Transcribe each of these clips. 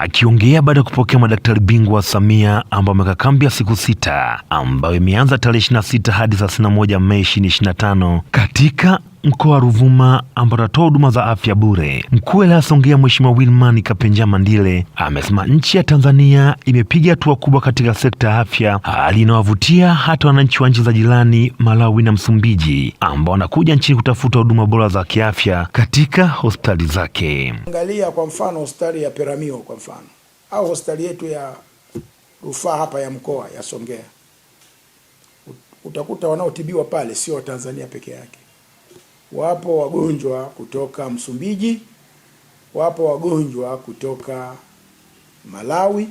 Akiongea baada ya kupokea madaktari bingwa wa Samia ambao wameweka kambi ya siku sita ambayo imeanza tarehe 26 hadi 31 Mei 2025 katika mkoa wa Ruvuma ambao utatoa huduma za afya bure. Mkuu wa wilaya Songea Mheshimiwa Wilman Kapenja Mandile amesema nchi ya Tanzania imepiga hatua kubwa katika sekta ya afya, hali inawavutia hata wananchi wa nchi za jirani Malawi na Msumbiji ambao wanakuja nchini kutafuta huduma bora za kiafya katika hospitali zake. Angalia kwa mfano hospitali ya Peramio kwa mfano au hospitali yetu ya rufaa hapa ya mkoa ya Songea, utakuta wanaotibiwa pale sio Watanzania peke yake wapo wagonjwa kutoka Msumbiji, wapo wagonjwa kutoka Malawi,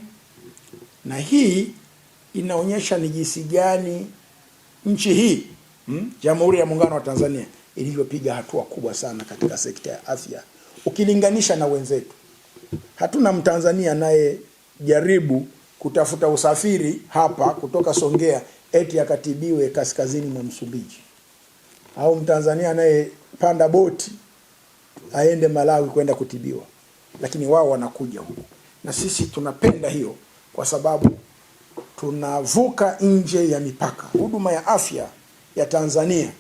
na hii inaonyesha ni jinsi gani nchi hii hmm, Jamhuri ya Muungano wa Tanzania ilivyopiga hatua kubwa sana katika sekta ya afya ukilinganisha na wenzetu. Hatuna Mtanzania anayejaribu kutafuta usafiri hapa kutoka Songea eti akatibiwe kaskazini mwa Msumbiji au Mtanzania anayepanda boti aende Malawi kwenda kutibiwa, lakini wao wanakuja huku, na sisi tunapenda hiyo kwa sababu tunavuka nje ya mipaka. Huduma ya afya ya Tanzania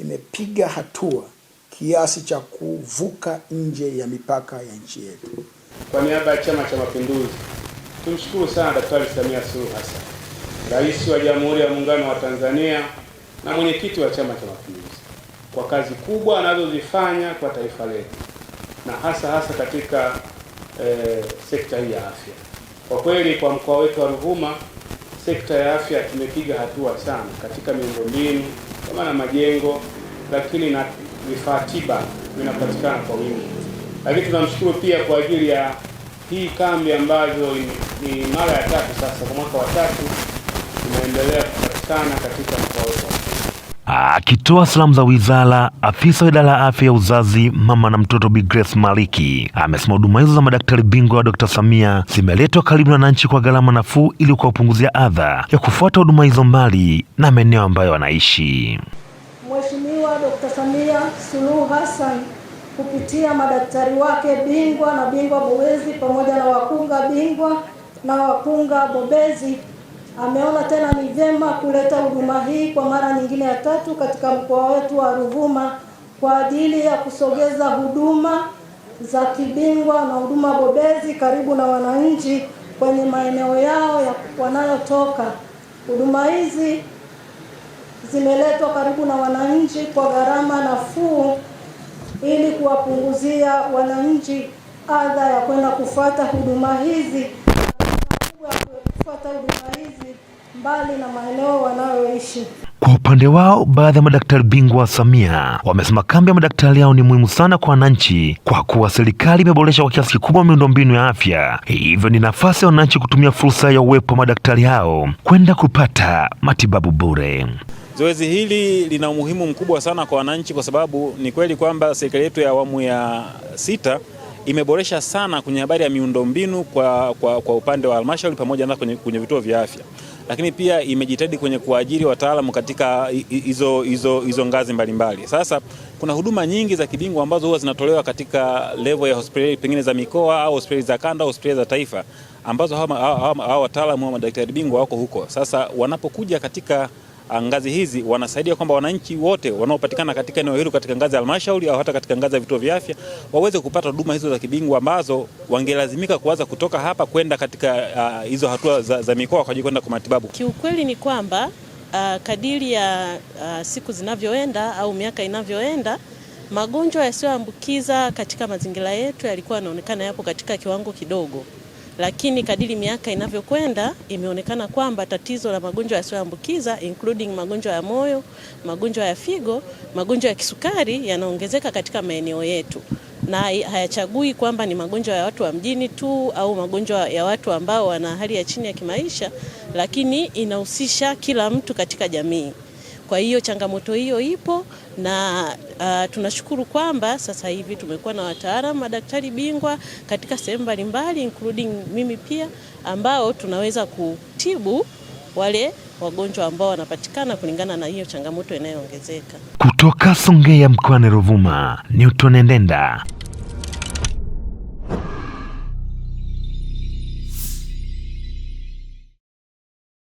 imepiga hatua kiasi cha kuvuka nje ya mipaka ya nchi yetu. Kwa niaba ya Chama cha Mapinduzi, tumshukuru sana Daktari Samia Suluhu hasan Rais wa Jamhuri ya Muungano wa Tanzania na mwenyekiti wa Chama cha Mapinduzi kwa kazi kubwa anazozifanya kwa taifa letu na hasa hasa katika eh, sekta hii ya afya. Kwa kweli kwa mkoa wetu wa Ruvuma, sekta ya afya tumepiga hatua sana katika miundombinu kama na majengo, lakini na vifaa tiba vinapatikana kwa wingi. Lakini tunamshukuru pia kwa ajili ya hii kambi ambayo ni, ni mara ya tatu sasa, kwa mwaka wa tatu tunaendelea kupatikana katika mkoa wetu. Akitoa salamu za wizara, afisa wa idara ya afya ya uzazi, mama na mtoto Bi Grace Maliki amesema huduma hizo za madaktari bingwa wa Dkt. Samia zimeletwa karibu na wananchi kwa gharama nafuu ili kuwapunguzia adha ya kufuata huduma hizo mbali na maeneo ambayo wanaishi. Mheshimiwa Dkt. Samia Suluhu Hassan kupitia madaktari wake bingwa na bingwa bobezi pamoja na wakunga bingwa na wakunga bobezi ameona tena ni vyema kuleta huduma hii kwa mara nyingine ya tatu katika mkoa wetu wa Ruvuma kwa ajili ya kusogeza huduma za kibingwa na huduma bobezi karibu na wananchi kwenye maeneo yao ya wanayotoka. Huduma hizi zimeletwa karibu na wananchi kwa gharama nafuu ili kuwapunguzia wananchi adha ya kwenda kufuata huduma hizi kupata huduma hizi mbali na maeneo wanayoishi. Kwa upande wao, baadhi ya madaktari bingwa wa Samia wamesema kambi ya madaktari yao ni muhimu sana kwa wananchi, kwa kuwa serikali imeboresha kwa kiasi kikubwa miundombinu ya afya, hivyo ni nafasi ya wananchi kutumia fursa ya uwepo wa madaktari hao kwenda kupata matibabu bure. Zoezi hili lina umuhimu mkubwa sana kwa wananchi, kwa sababu ni kweli kwamba serikali yetu ya awamu ya sita imeboresha sana kwenye habari ya miundombinu kwa, kwa, kwa upande wa halmashauri pamoja na kwenye, kwenye vituo vya afya, lakini pia imejitahidi kwenye kuajiri wataalamu katika hizo hizo hizo ngazi mbalimbali mbali. Sasa kuna huduma nyingi za kibingwa ambazo huwa zinatolewa katika level ya hospitali pengine za mikoa au hospitali za kanda au hospitali za taifa ambazo hawa wataalamu wa madaktari bingwa wako huko. Sasa wanapokuja katika Ah, ngazi hizi wanasaidia kwamba wananchi wote wanaopatikana katika eneo hilo katika ngazi ya halmashauri au hata katika ngazi ya vituo vya afya waweze kupata huduma hizo za kibingwa ambazo wangelazimika kuanza kutoka hapa kwenda katika uh, hizo hatua za, za mikoa kwa kwenda kwa matibabu. Kiukweli ni kwamba uh, kadiri ya uh, siku zinavyoenda au miaka inavyoenda magonjwa yasiyoambukiza katika mazingira yetu yalikuwa yanaonekana yapo katika kiwango kidogo lakini kadiri miaka inavyokwenda imeonekana kwamba tatizo la magonjwa yasiyoambukiza including magonjwa ya moyo, magonjwa ya figo, magonjwa ya kisukari yanaongezeka katika maeneo yetu, na hayachagui kwamba ni magonjwa ya watu wa mjini tu au magonjwa ya watu ambao wana hali ya chini ya kimaisha, lakini inahusisha kila mtu katika jamii. Kwa hiyo changamoto hiyo ipo na uh, tunashukuru kwamba sasa hivi tumekuwa na wataalamu madaktari bingwa katika sehemu mbalimbali including mimi pia, ambao tunaweza kutibu wale wagonjwa ambao wanapatikana kulingana na hiyo changamoto inayoongezeka. Kutoka Songea mkoani Ruvuma, Newton Endenda.